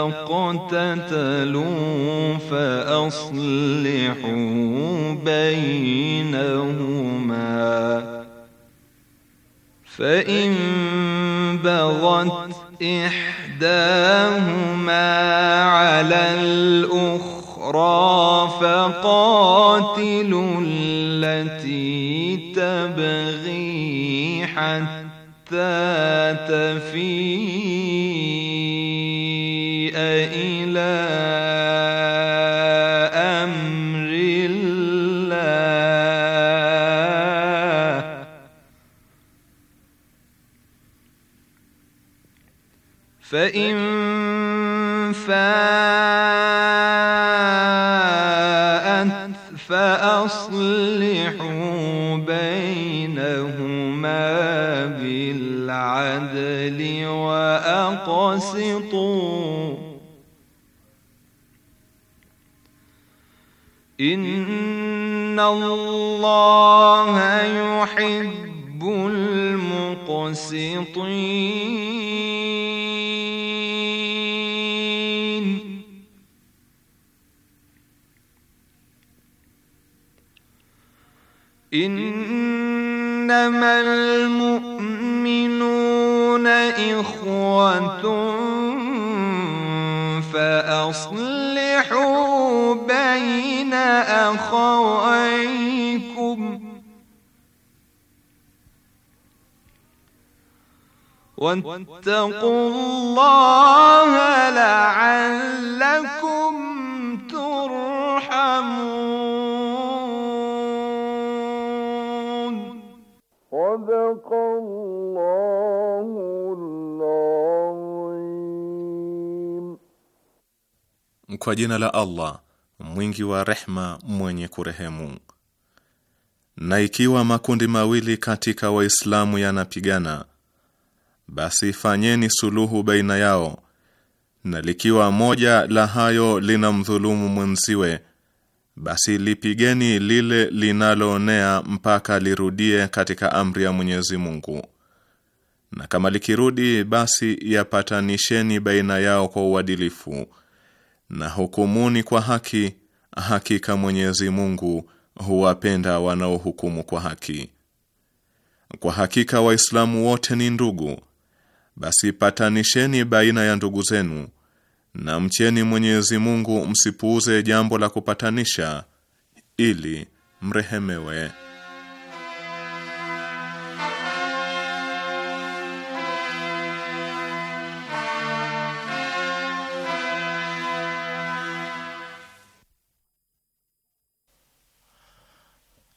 اقتتلوا فأصلحوا بينهما فإن بغت إحداهما على الأخرى فقاتلوا التي تبغي حتى تفيء فإن فاءت فأصلحوا بينهما بالعدل وأقسطوا إن الله يحب المقسطين إنما المؤمنون إخوة فأصلحوا بين أخويكم واتقوا الله لعلكم Kwa jina la Allah mwingi wa rehma mwenye kurehemu. Na ikiwa makundi mawili katika Waislamu yanapigana, basi fanyeni suluhu baina yao, na likiwa moja la hayo linamdhulumu mwenziwe basi lipigeni lile linaloonea mpaka lirudie katika amri ya Mwenyezi Mungu, na kama likirudi, basi yapatanisheni baina yao kwa uadilifu na hukumuni kwa haki. Hakika Mwenyezi Mungu huwapenda wanaohukumu kwa haki. Kwa hakika Waislamu wote ni ndugu, basi patanisheni baina ya ndugu zenu na mcheni Mwenyezi Mungu, msipuuze jambo la kupatanisha ili mrehemewe.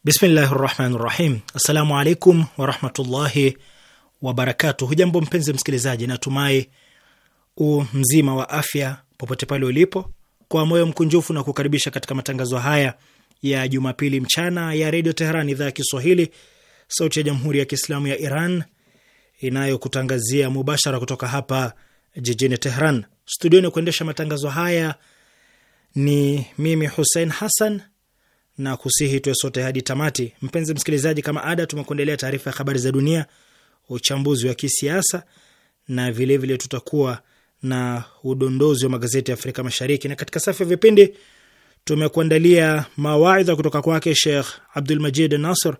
Bismillahi rahmani rahim. Assalamu alaikum warahmatullahi wabarakatu Hujambo mpenzi msikilizaji, natumai u mzima wa afya popote pale ulipo, kwa moyo mkunjufu na kukaribisha katika matangazo haya ya Jumapili mchana ya Redio Teheran, idhaa ya Kiswahili, sauti ya Jamhuri ya Kiislamu ya Iran inayokutangazia mubashara kutoka hapa jijini Teheran. Studioni kuendesha matangazo haya ni mimi Hussein Hassan na kusihi tuwe sote hadi tamati. Mpenzi msikilizaji, kama ada, tumekuendelea taarifa ya habari za dunia, uchambuzi wa kisiasa na vilevile vile tutakuwa na udondozi wa magazeti ya Afrika Mashariki, na katika safu ya vipindi tumekuandalia mawaidha kutoka kwake Sheikh Abdul Majid Nasr.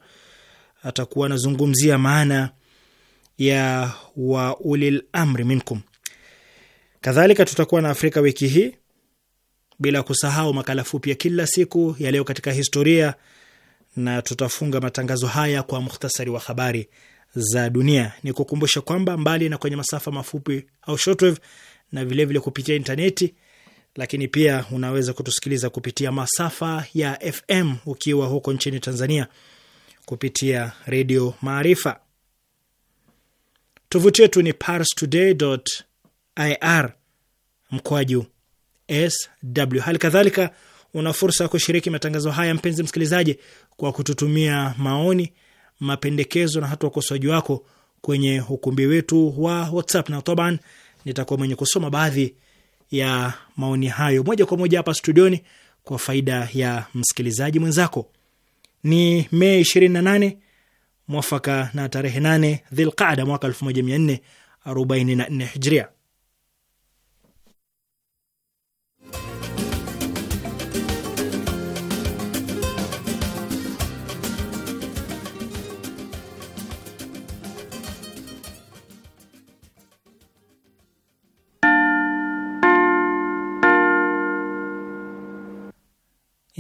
Atakuwa anazungumzia maana ya wa ulil amri minkum. Kadhalika tutakuwa na Afrika wiki hii, bila kusahau makala fupi ya kila siku ya leo katika historia, na tutafunga matangazo haya kwa muhtasari wa habari za dunia. Ni kukumbusha kwamba mbali na kwenye masafa mafupi au shortwave na vilevile vile kupitia intaneti, lakini pia unaweza kutusikiliza kupitia masafa ya FM ukiwa huko nchini Tanzania kupitia Redio Maarifa. Tovuti yetu ni parstoday.ir mkoaju sw. Hali kadhalika una fursa ya kushiriki matangazo haya, mpenzi msikilizaji, kwa kututumia maoni, mapendekezo na hata ukosoaji wako kwenye ukumbi wetu wa WhatsApp na taban nitakuwa mwenye kusoma baadhi ya maoni hayo moja kwa moja hapa studioni kwa faida ya msikilizaji mwenzako. Ni Mei 28 mwafaka na tarehe 8 Dhilqada mwaka 1444 Hijria.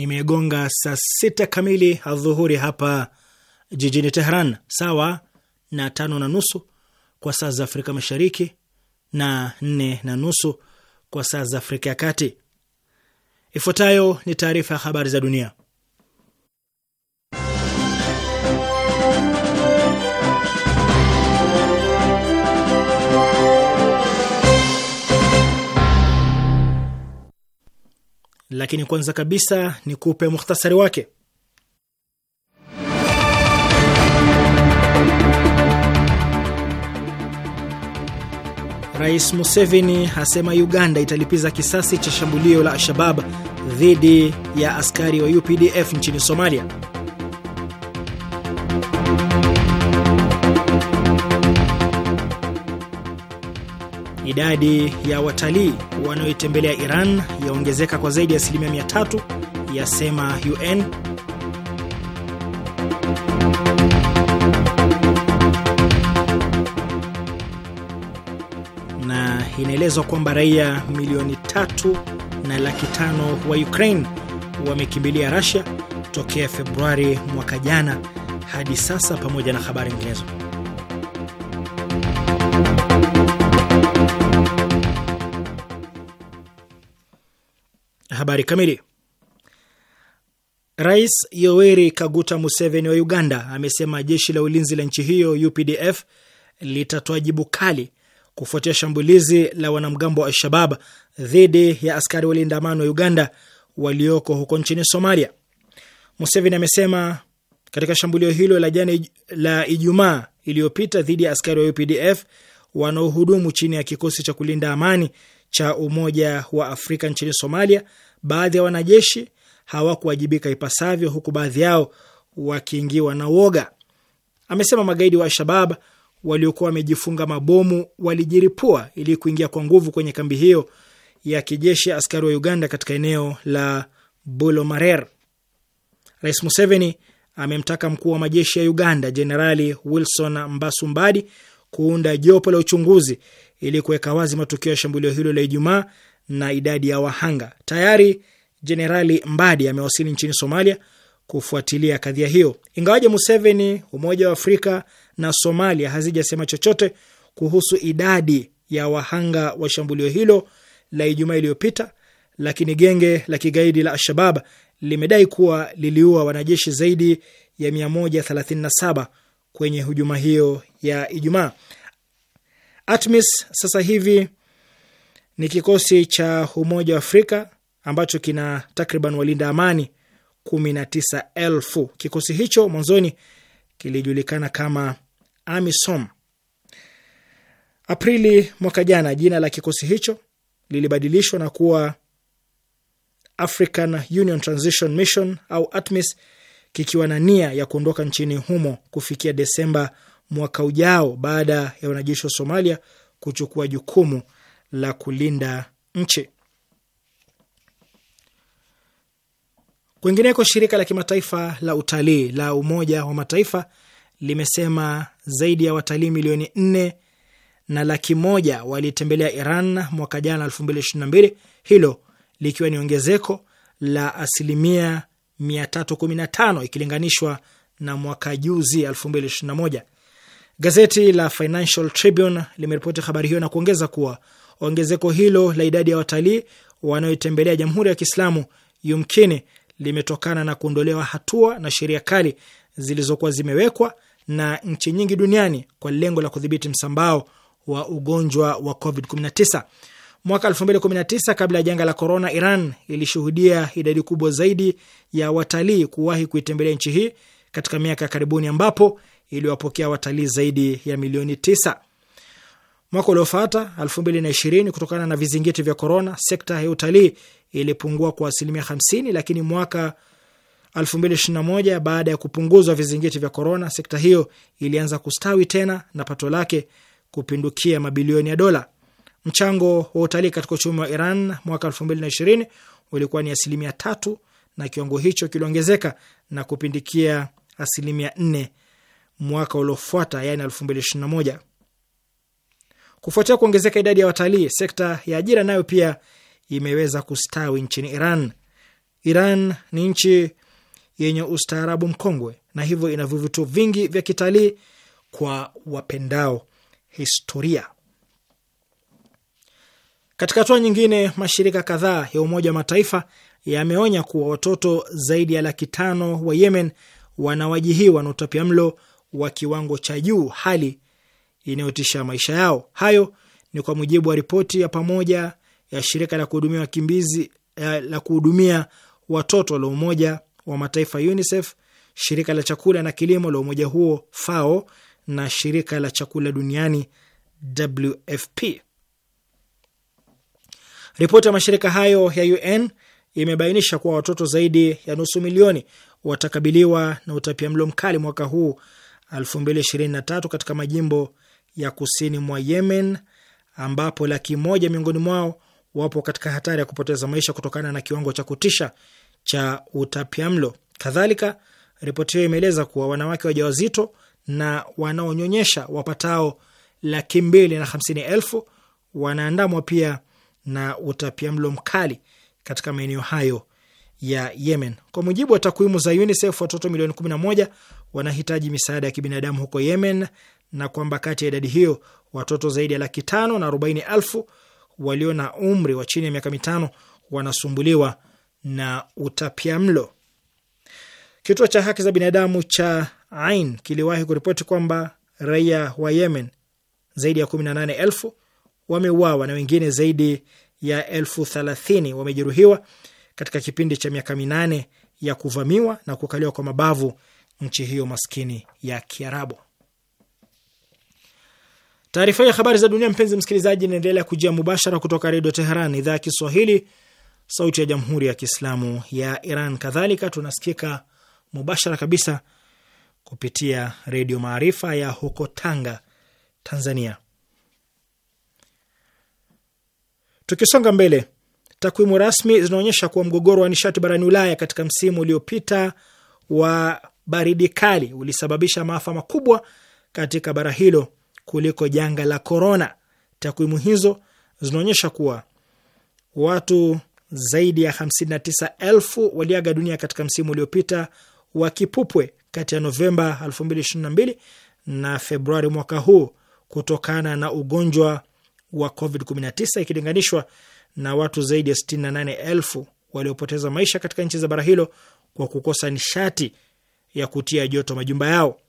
imegonga saa sita kamili adhuhuri hapa jijini Tehran, sawa na tano na nusu kwa saa za Afrika Mashariki na nne na nusu kwa saa za Afrika ya Kati. Ifuatayo ni taarifa ya habari za dunia, lakini kwanza kabisa ni kupe muhtasari wake. Rais Museveni asema Uganda italipiza kisasi cha shambulio la Al-Shabab dhidi ya askari wa UPDF nchini Somalia. Idadi ya watalii wanaoitembelea Iran yaongezeka kwa zaidi ya asilimia mia tatu, yasema UN. Na inaelezwa kwamba raia milioni tatu na laki tano wa Ukraine wamekimbilia Russia tokea Februari mwaka jana hadi sasa, pamoja na habari nyinginezo. Habari kamili. Rais Yoweri Kaguta Museveni wa Uganda amesema jeshi la ulinzi la nchi hiyo UPDF litatoa jibu kali kufuatia shambulizi la wanamgambo wa Al-Shabab dhidi ya askari walinda amani wa Uganda walioko huko nchini Somalia. Museveni amesema katika shambulio hilo la jana la Ijumaa iliyopita dhidi ya askari wa UPDF wanaohudumu chini ya kikosi cha kulinda amani cha Umoja wa Afrika nchini Somalia Baadhi ya wanajeshi hawakuwajibika ipasavyo, huku baadhi yao wakiingiwa na woga. Amesema magaidi wa Al-Shabab waliokuwa wamejifunga mabomu walijiripua ili kuingia kwa nguvu kwenye kambi hiyo ya kijeshi ya askari wa Uganda katika eneo la Bulomarer. Rais Museveni amemtaka mkuu wa majeshi ya Uganda Jenerali Wilson Mbasumbadi kuunda jopo la uchunguzi ili kuweka wazi matukio ya shambulio hilo la Ijumaa na idadi ya wahanga. Tayari Jenerali Mbadi amewasili nchini Somalia kufuatilia kadhia hiyo, ingawaje Museveni, Umoja wa Afrika na Somalia hazijasema chochote kuhusu idadi ya wahanga wa shambulio hilo la Ijumaa iliyopita, lakini genge la kigaidi la Al-Shabab limedai kuwa liliua wanajeshi zaidi ya 137 kwenye hujuma hiyo ya Ijumaa. ATMIS sasa hivi ni kikosi cha Umoja wa Afrika ambacho kina takriban walinda amani kumi na tisa elfu. Kikosi hicho mwanzoni kilijulikana kama AMISOM. Aprili mwaka jana, jina la kikosi hicho lilibadilishwa na kuwa African Union Transition Mission au ATMIS, kikiwa na nia ya kuondoka nchini humo kufikia Desemba mwaka ujao baada ya wanajeshi wa Somalia kuchukua jukumu la kulinda nchi. Kwingineko, shirika la kimataifa la utalii la Umoja wa Mataifa limesema zaidi ya watalii milioni nne na laki moja walitembelea Iran mwaka jana mbili, hilo likiwa ni ongezeko la asilimia tano ikilinganishwa na mwaka juzi moja. Gazeti la Financial Tribune limeripoti habari hiyo na kuongeza kuwa Ongezeko hilo la idadi ya watalii wanaoitembelea Jamhuri ya Kiislamu yumkini limetokana na kuondolewa hatua na sheria kali zilizokuwa zimewekwa na nchi nyingi duniani kwa lengo la kudhibiti msambao wa ugonjwa wa COVID-19. Mwaka 2019 kabla ya janga la corona, Iran ilishuhudia idadi kubwa zaidi ya watalii kuwahi kuitembelea nchi hii katika miaka ya karibuni, ambapo iliwapokea watalii zaidi ya milioni tisa. Mwaka uliofuata 2020, kutokana na vizingiti vya korona, sekta ya utalii ilipungua kwa asilimia 50, lakini mwaka 2021, baada ya kupunguzwa vizingiti vya korona, sekta hiyo ilianza kustawi tena na pato lake kupindukia mabilioni ya dola. Mchango wa utalii katika uchumi wa Iran mwaka 2020 ulikuwa ni asilimia tatu na kiwango hicho kiliongezeka na kupindikia asilimia nne mwaka uliofuata, yani 2021. Kufuatia kuongezeka idadi ya watalii, sekta ya ajira nayo pia imeweza kustawi nchini Iran. Iran ni nchi yenye ustaarabu mkongwe na hivyo ina vivutio vingi vya kitalii kwa wapendao historia. Katika hatua nyingine, mashirika kadhaa ya Umoja wa Mataifa yameonya kuwa watoto zaidi ya laki tano wa Yemen wanawajihiwa na utapia mlo wa kiwango cha juu, hali inayotisha maisha yao. Hayo ni kwa mujibu wa ripoti ya pamoja ya shirika la kuhudumia wakimbizi eh, la kuhudumia watoto la Umoja wa Mataifa UNICEF, shirika la chakula na kilimo la umoja huo FAO na shirika la chakula duniani WFP. Ripoti ya mashirika hayo ya UN imebainisha kuwa watoto zaidi ya nusu milioni watakabiliwa na utapia mlo mkali mwaka huu 2023 katika majimbo ya kusini mwa Yemen, ambapo laki moja miongoni mwao wapo katika hatari ya kupoteza maisha kutokana na kiwango cha kutisha cha utapiamlo. Kadhalika, ripoti hiyo imeeleza kuwa wanawake wajawazito na wanaonyonyesha wapatao laki mbili na hamsini elfu wanaandamwa pia na utapiamlo mkali katika maeneo hayo ya Yemen. Kwa mujibu wa takwimu za UNICEF, watoto milioni 11 wanahitaji misaada ya kibinadamu huko Yemen na kwamba kati ya idadi hiyo watoto zaidi ya laki tano na arobaini elfu walio na umri wa chini ya miaka mitano wanasumbuliwa na utapiamlo. Kituo cha haki za binadamu cha Ain kiliwahi kuripoti kwamba raia wa Yemen zaidi ya kumi na nane elfu wameuawa na wengine zaidi ya elfu thelathini wamejeruhiwa katika kipindi cha miaka minane ya kuvamiwa na kukaliwa kwa mabavu nchi hiyo maskini ya Kiarabu. Taarifa ya habari za dunia, mpenzi msikilizaji, inaendelea kujia mubashara kutoka Redio Teheran, idhaa ya Kiswahili, sauti ya jamhuri ya kiislamu ya Iran. Kadhalika tunasikika mubashara kabisa kupitia Redio Maarifa ya huko Tanga, Tanzania. Tukisonga mbele, takwimu rasmi zinaonyesha kuwa mgogoro wa nishati barani Ulaya katika msimu uliopita wa baridi kali ulisababisha maafa makubwa katika bara hilo kuliko janga la korona. Takwimu hizo zinaonyesha kuwa watu zaidi ya 59,000 waliaga dunia katika msimu uliopita wa kipupwe kati ya Novemba 2022 na Februari mwaka huu kutokana na ugonjwa wa COVID-19 ikilinganishwa na watu zaidi ya 68,000 waliopoteza maisha katika nchi za bara hilo kwa kukosa nishati ya kutia joto majumba yao.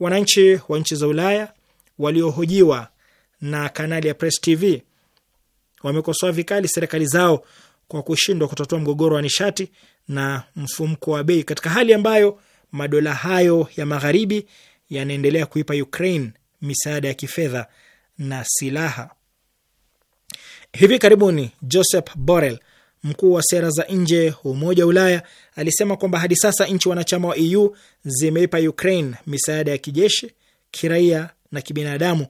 Wananchi wa nchi za Ulaya waliohojiwa na kanali ya Press TV wamekosoa vikali serikali zao kwa kushindwa kutatua mgogoro wa nishati na mfumko wa bei katika hali ambayo madola hayo ya magharibi yanaendelea kuipa Ukraine misaada ya kifedha na silaha. Hivi karibuni Joseph Borrell, mkuu wa sera za nje wa Umoja wa Ulaya, alisema kwamba hadi sasa nchi wanachama wa EU zimeipa Ukraine misaada ya kijeshi, kiraia na kibinadamu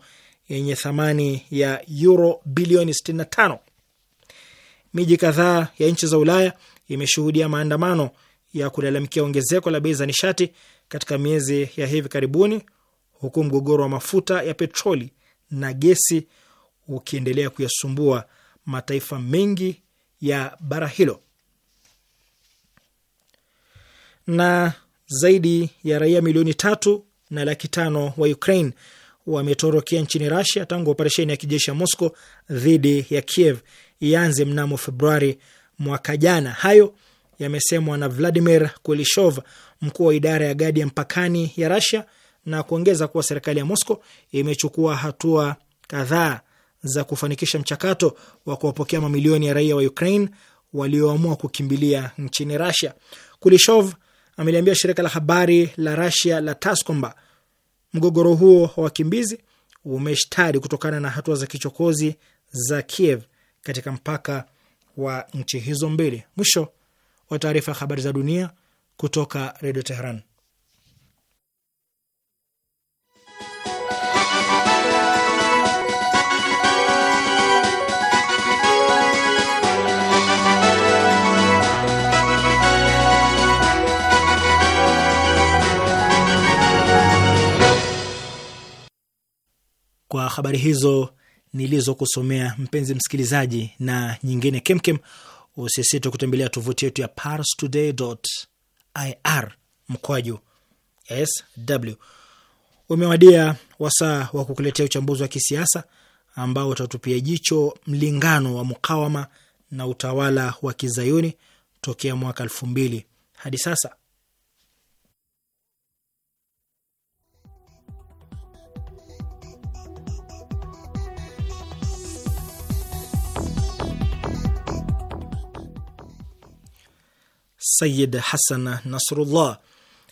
yenye thamani ya euro bilioni 65. Miji kadhaa ya nchi za Ulaya imeshuhudia maandamano ya kulalamikia ongezeko la bei za nishati katika miezi ya hivi karibuni, huku mgogoro wa mafuta ya petroli na gesi ukiendelea kuyasumbua mataifa mengi ya bara hilo. Na zaidi ya raia milioni tatu na laki tano wa Ukraine wametorokea nchini Rasia tangu operesheni ya kijeshi ya Mosco dhidi ya Kiev ianze mnamo Februari mwaka jana. Hayo yamesemwa na Vladimir Kulishov, mkuu wa idara ya gadi ya mpakani ya Rasia, na kuongeza kuwa serikali ya Mosco imechukua hatua kadhaa za kufanikisha mchakato wa kuwapokea mamilioni ya raia wa Ukraine walioamua kukimbilia nchini Rasia. Kulishov ameliambia shirika la habari la Rasia la TASS kwamba Mgogoro huo wa wakimbizi umeshtari kutokana na hatua za kichokozi za Kiev katika mpaka wa nchi hizo mbili. Mwisho wa taarifa ya habari za dunia kutoka Redio Teheran. habari hizo nilizokusomea, mpenzi msikilizaji, na nyingine kemkem, usisite kutembelea tovuti yetu ya parstoday.ir mkwaju sw. Umewadia wasaa wa kukuletea uchambuzi wa kisiasa ambao utatupia jicho mlingano wa mukawama na utawala wa kizayuni tokea mwaka elfu mbili hadi sasa. Sayid Hassan Nasrullah,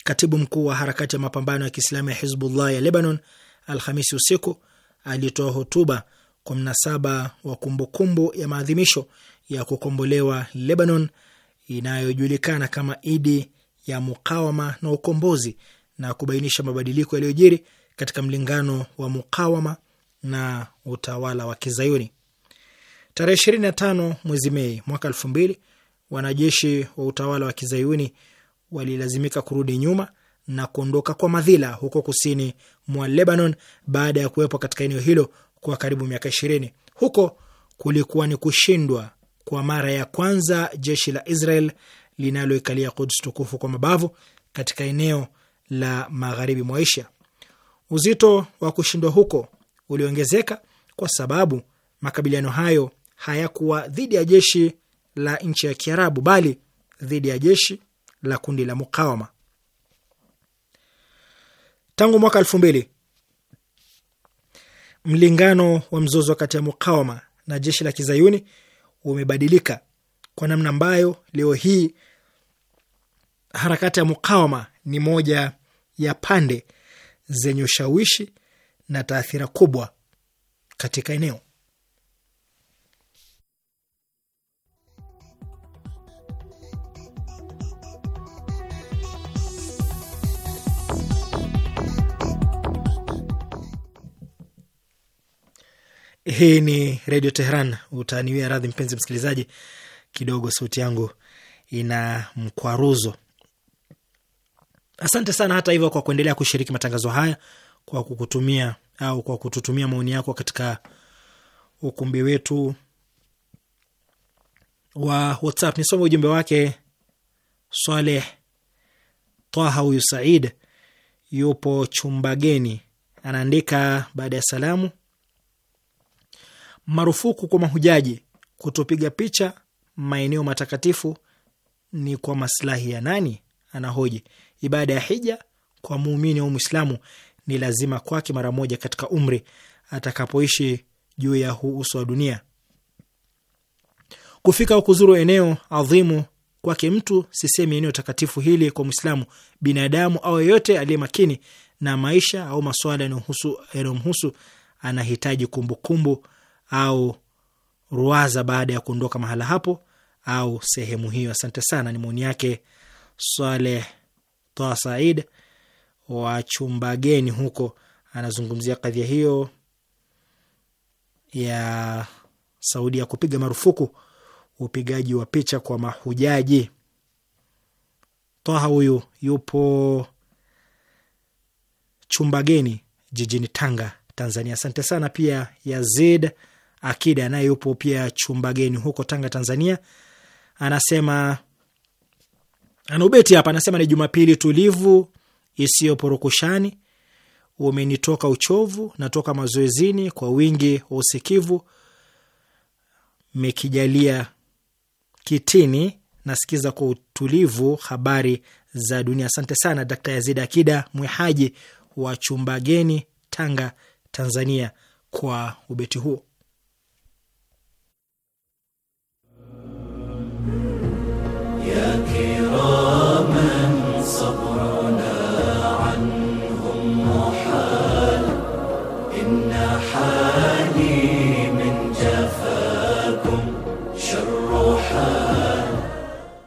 katibu mkuu wa harakati ya mapambano ya Kiislamu ya Hizbullah ya Lebanon, Alhamisi usiku alitoa hotuba kwa mnasaba wa kumbukumbu ya maadhimisho ya kukombolewa Lebanon inayojulikana kama Idi ya Mukawama na Ukombozi, na kubainisha mabadiliko yaliyojiri katika mlingano wa mukawama na utawala wa Kizayuni. Tarehe 25 mwezi Mei mwaka elfu mbili wanajeshi wa utawala wa kizayuni walilazimika kurudi nyuma na kuondoka kwa madhila huko kusini mwa Lebanon baada ya kuwepo katika eneo hilo kwa karibu miaka ishirini. Huko kulikuwa ni kushindwa kwa mara ya kwanza jeshi la Israel linaloikalia kuds tukufu kwa mabavu katika eneo la magharibi mwa Asia. Uzito wa kushindwa huko uliongezeka kwa sababu makabiliano hayo hayakuwa dhidi ya jeshi la nchi ya Kiarabu bali dhidi ya jeshi la kundi la mukawama. Tangu mwaka elfu mbili mlingano wa mzozo kati ya mukawama na jeshi la kizayuni umebadilika kwa namna ambayo leo hii harakati ya mukawama ni moja ya pande zenye ushawishi na taathira kubwa katika eneo. Hii ni Redio Tehran. Utaniwia radhi mpenzi msikilizaji, kidogo sauti yangu ina mkwaruzo. Asante sana hata hivyo kwa kuendelea kushiriki matangazo haya kwa kukutumia au kwa kututumia maoni yako katika ukumbi wetu wa WhatsApp. Nisome ujumbe wake. Swaleh Taha, huyu Said yupo Chumbageni, anaandika baada ya salamu Marufuku kwa mahujaji kutopiga picha maeneo matakatifu ni kwa maslahi ya nani? Anahoji. Ibada ya hija kwa muumini au mwislamu ni lazima kwake mara moja katika umri atakapoishi juu ya huu uso wa dunia. Kufika au kuzuru eneo adhimu kwake mtu, sisemi eneo takatifu hili kwa mwislamu, binadamu au yeyote aliye makini na maisha au masuala yanayomhusu, anahitaji kumbukumbu au ruaza baada ya kuondoka mahala hapo au sehemu hiyo. Asante sana. Ni maoni yake Saleh Toa Said wa geni huko, anazungumzia kadhia hiyo ya Saudi ya kupiga marufuku upigaji wa picha kwa mahujaji. Toha huyu yupo Chumbageni jijini Tanga, Tanzania. Asante sana pia Yazid Akida naye yupo pia Chumbageni huko Tanga, Tanzania, anasema anaubeti hapa, anasema ni Jumapili tulivu porokushani umenitoka uchovu, natoka mazoezini kwa wingi wa usikivu, mekijalia kitini, nasikiza kwa utulivu habari za dunia. Asante sana Dkt. Yazid Akida Mwehaji wa Chumbageni, Tanga, Tanzania, kwa ubeti huo.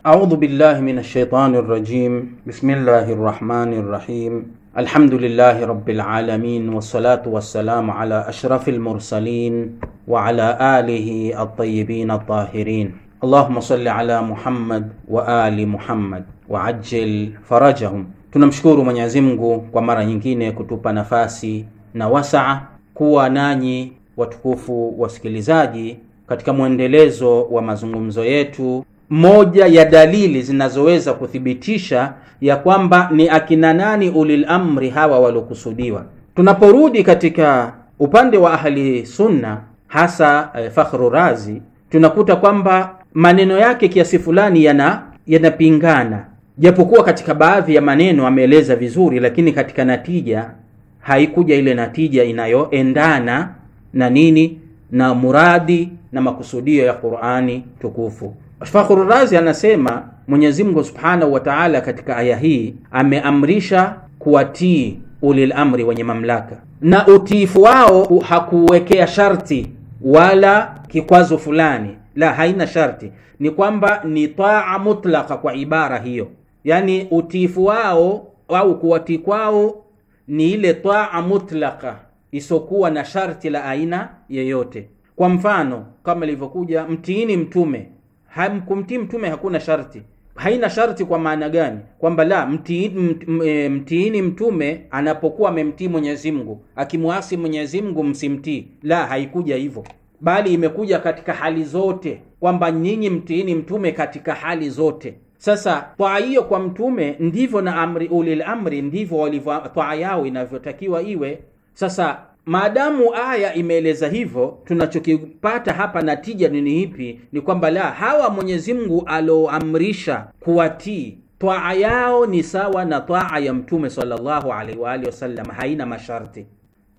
أعوذ بالله من الشيطان الرجيم بسم الله الرحمن الرحيم الحمد لله رب العالمين والصلاة والسلام على أشرف المرسلين وعلى آله الطيبين الطاهرين اللهم صل على محمد وآل محمد وعجل فرجهم tunamshukuru mwenyezi mungu kwa mara nyingine kutupa nafasi na wasaa kuwa nanyi watukufu wasikilizaji katika mwendelezo wa mazungumzo yetu moja ya dalili zinazoweza kuthibitisha ya kwamba ni akina nani ulil amri hawa waliokusudiwa. Tunaporudi katika upande wa ahli sunna, hasa eh, Fakhru Razi, tunakuta kwamba maneno yake kiasi fulani yana yanapingana, japokuwa katika baadhi ya maneno ameeleza vizuri, lakini katika natija haikuja ile natija inayoendana na nini na muradi na makusudio ya Qur'ani tukufu. Fakhru Razi anasema Mwenyezi Mungu Subhanahu wa Ta'ala katika aya hii ameamrisha kuwatii ulil amri, wenye mamlaka, na utiifu wao hakuwekea sharti wala kikwazo fulani, la, haina sharti, ni kwamba ni taa mutlaka kwa ibara hiyo, yani utiifu wao au kuwatii kwao ni ile taa mutlaka isokuwa na sharti la aina yeyote. Kwa mfano kama ilivyokuja mtiini mtume kumtii mtume hakuna sharti haina sharti kwa maana gani kwamba la e, mtiini mti, mtume anapokuwa amemtii mwenyezi mungu akimwasi mwenyezi mungu msimtii la haikuja hivyo bali imekuja katika hali zote kwamba nyinyi mtiini mtume katika hali zote sasa twaa hiyo kwa mtume ndivyo na amri ulil amri ndivyo walivyo twaa yao inavyotakiwa iwe sasa Maadamu aya imeeleza hivyo, tunachokipata hapa natija nini hipi Ni kwamba la hawa Mwenyezi Mungu alioamrisha kuwatii twaa yao ni sawa na twaa ya Mtume sallallahu alaihi wa alihi wasallam, haina masharti.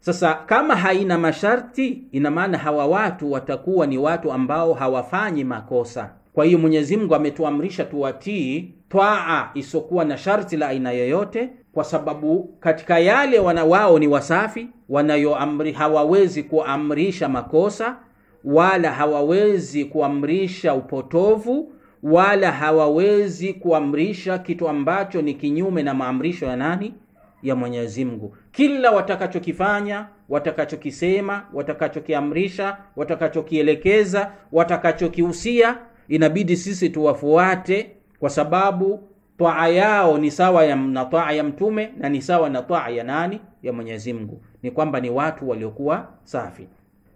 Sasa kama haina masharti, ina maana hawa watu watakuwa ni watu ambao hawafanyi makosa. Kwa hiyo Mwenyezi Mungu ametuamrisha tuwatii twaa isiokuwa na sharti la aina yoyote kwa sababu katika yale wana wao ni wasafi wanayoamri, hawawezi kuamrisha makosa wala hawawezi kuamrisha upotovu wala hawawezi kuamrisha kitu ambacho ni kinyume na maamrisho ya nani? Ya Mwenyezi Mungu. Kila watakachokifanya, watakachokisema, watakachokiamrisha, watakachokielekeza, watakachokihusia, inabidi sisi tuwafuate kwa sababu twaa yao ni sawa ya na twaa ya mtume na ni sawa na twaa ya nani? Ya Mwenyezi Mungu. Ni kwamba ni watu waliokuwa safi.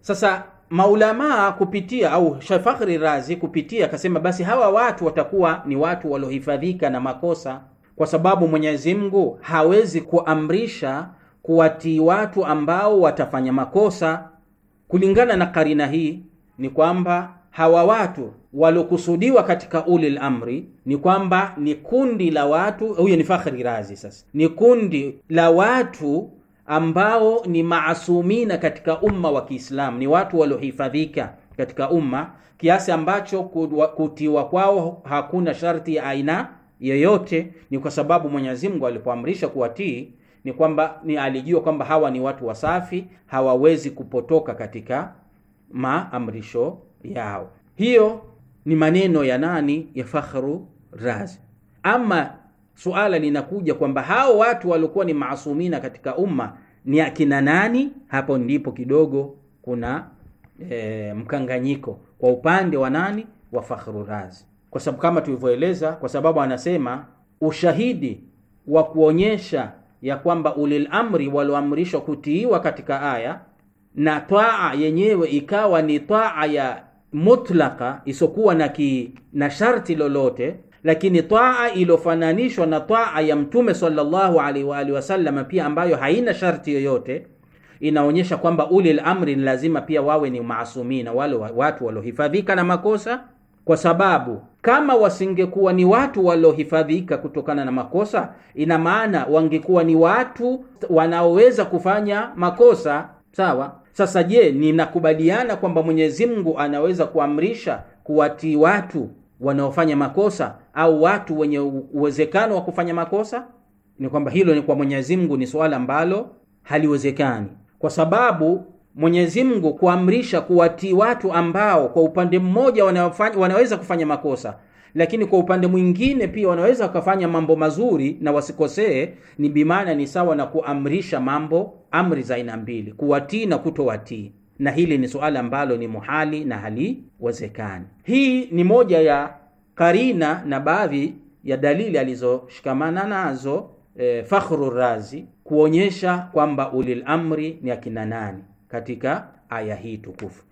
Sasa maulamaa kupitia au Shafakhri Razi kupitia akasema, basi hawa watu watakuwa ni watu waliohifadhika na makosa, kwa sababu Mwenyezi Mungu hawezi kuamrisha kuwatii watu ambao watafanya makosa. Kulingana na karina hii ni kwamba hawa watu waliokusudiwa katika ulil amri ni kwamba ni kundi la watu. Huyo ni Fakhri Razi. Sasa ni kundi la watu ambao ni maasumina katika umma wa Kiislamu, ni watu waliohifadhika katika umma kiasi ambacho kutiwa kwao hakuna sharti ya aina yoyote. Ni kwa sababu Mwenyezi Mungu alipoamrisha kuwatii ni kwamba ni alijua kwamba hawa ni watu wasafi, hawawezi kupotoka katika maamrisho yao. Hiyo ni maneno ya nani? Ya Fakhru Razi. Ama suala linakuja kwamba hao watu waliokuwa ni maasumina katika umma ni akina nani? Hapo ndipo kidogo kuna e, mkanganyiko kwa upande wa nani, wa Fakhru Razi, kwa sababu kama tulivyoeleza, kwa sababu anasema ushahidi wa kuonyesha ya kwamba ulil amri walioamrishwa kutiiwa katika aya na twaa yenyewe ikawa ni twaa ya mutlaka isokuwa na, ki, na sharti lolote, lakini taa iliyofananishwa na taa ya Mtume sallallahu alaihi wa alihi wasallam pia ambayo haina sharti yoyote inaonyesha kwamba ulil amri ni lazima pia wawe ni maasumina, wale watu waliohifadhika na makosa, kwa sababu kama wasingekuwa ni watu waliohifadhika kutokana na makosa, ina maana wangekuwa ni watu wanaoweza kufanya makosa sawa sasa je, ninakubaliana kwamba Mwenyezi Mungu anaweza kuamrisha kuwatii watu wanaofanya makosa au watu wenye uwezekano wa kufanya makosa? Ni kwamba hilo ni kwa Mwenyezi Mungu ni suala ambalo haliwezekani, kwa sababu Mwenyezi Mungu kuamrisha kuwatii watu ambao kwa upande mmoja wanaweza kufanya makosa lakini kwa upande mwingine pia wanaweza wakafanya mambo mazuri na wasikosee. Ni bimaana ni sawa na kuamrisha mambo, amri za aina mbili, kuwatii na kutowatii, na hili ni suala ambalo ni muhali na haliwezekani. Hii ni moja ya karina na baadhi ya dalili alizoshikamana nazo e, eh, Fakhru Razi kuonyesha kwamba ulil amri ni akina nani katika aya hii tukufu.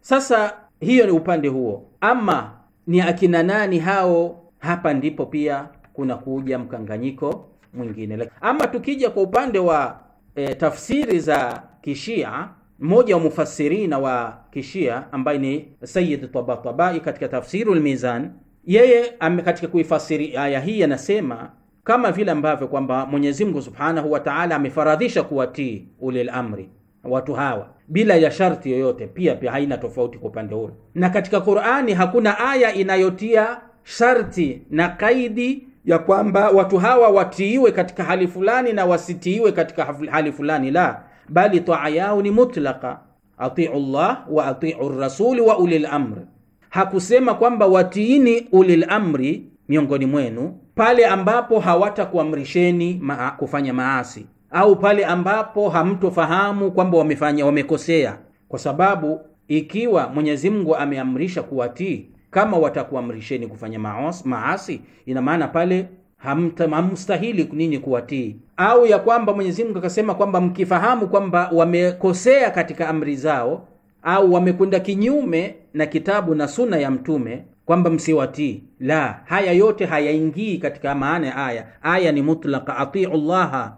Sasa hiyo ni upande huo, ama ni akina nani hao? Hapa ndipo pia kuna kuja mkanganyiko mwingine. Ama tukija kwa upande wa e, tafsiri za Kishia, mmoja wa mufasirina wa Kishia ambaye ni Sayyid Tabatabai katika tafsiru Mizan, yeye katika kuifasiri aya hii anasema kama vile ambavyo kwamba Mwenyezi Mungu Subhanahu wa Ta'ala amefaradhisha kuwatii ulil amri watu hawa bila ya sharti yoyote, pia pia haina tofauti kwa upande ule. Na katika Qur'ani hakuna aya inayotia sharti na kaidi ya kwamba watu hawa watiiwe katika hali fulani na wasitiiwe katika hali fulani, la bali taa yao ni mutlaqa, atiu llah wa atiu rasuli wa ulil amri. Hakusema kwamba watiini ulil amri miongoni mwenu pale ambapo hawatakuamrisheni ma kufanya maasi au pale ambapo hamtofahamu kwamba wamefanya wamekosea, kwa sababu ikiwa Mwenyezi Mungu ameamrisha kuwatii, kama watakuamrisheni kufanya maasi, ina maana pale hamstahili ninyi kuwatii, au ya kwamba Mwenyezi Mungu akasema kwamba mkifahamu kwamba wamekosea katika amri zao au wamekwenda kinyume na kitabu na suna ya mtume kwamba msiwatii. La, haya yote hayaingii katika maana ya aya. Aya ni mutlaka, atiu llaha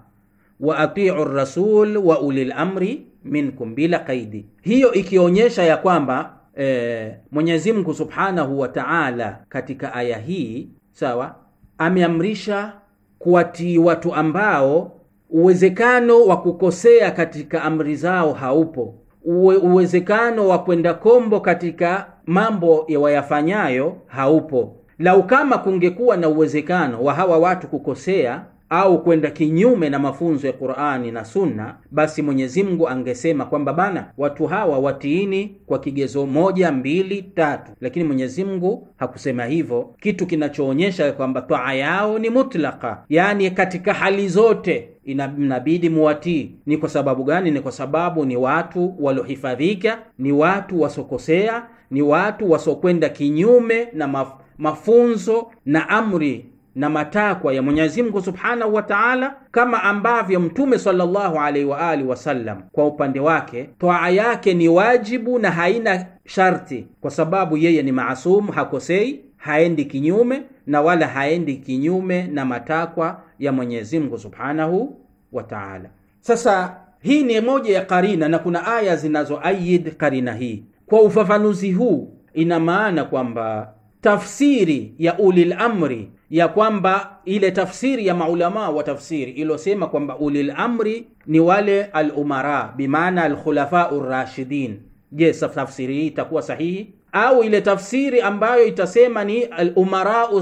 wa atiu rasul wa ulil amri minkum bila qaidi. hiyo ikionyesha ya kwamba e, Mwenyezi Mungu Subhanahu wa Ta'ala katika aya hii sawa, ameamrisha kuwatii watu ambao uwezekano wa kukosea katika amri zao haupo, uwe, uwezekano wa kwenda kombo katika mambo ya wayafanyayo haupo. Lau kama kungekuwa na uwezekano wa hawa watu kukosea au kwenda kinyume na mafunzo ya Qur'ani na Sunna, basi Mwenyezi Mungu angesema kwamba bana, watu hawa watiini kwa kigezo moja, mbili, tatu. Lakini Mwenyezi Mungu hakusema hivyo, kitu kinachoonyesha kwamba twaa yao ni mutlaka, yani katika hali zote inabidi muwatii. Ni kwa sababu gani? Ni kwa sababu ni watu waliohifadhika, ni watu wasokosea, ni watu wasokwenda kinyume na maf mafunzo na amri na matakwa ya Mwenyezi Mungu Subhanahu wa Ta'ala, kama ambavyo Mtume sallallahu alaihi wa alihi wasallam kwa upande wake twaa yake ni wajibu na haina sharti, kwa sababu yeye ni maasumu, hakosei, haendi kinyume na wala haendi kinyume na matakwa ya Mwenyezi Mungu Subhanahu wa Ta'ala. Sasa hii ni moja ya karina na kuna aya zinazoayid karina hii. Kwa ufafanuzi huu, ina maana kwamba tafsiri ya ulil amri ya kwamba ile tafsiri ya maulamaa wa tafsiri ilosema kwamba ulil amri ni wale al umara bimaana alkhulafau rashidin. Je, yes, tafsiri hii itakuwa sahihi au ile tafsiri ambayo itasema ni al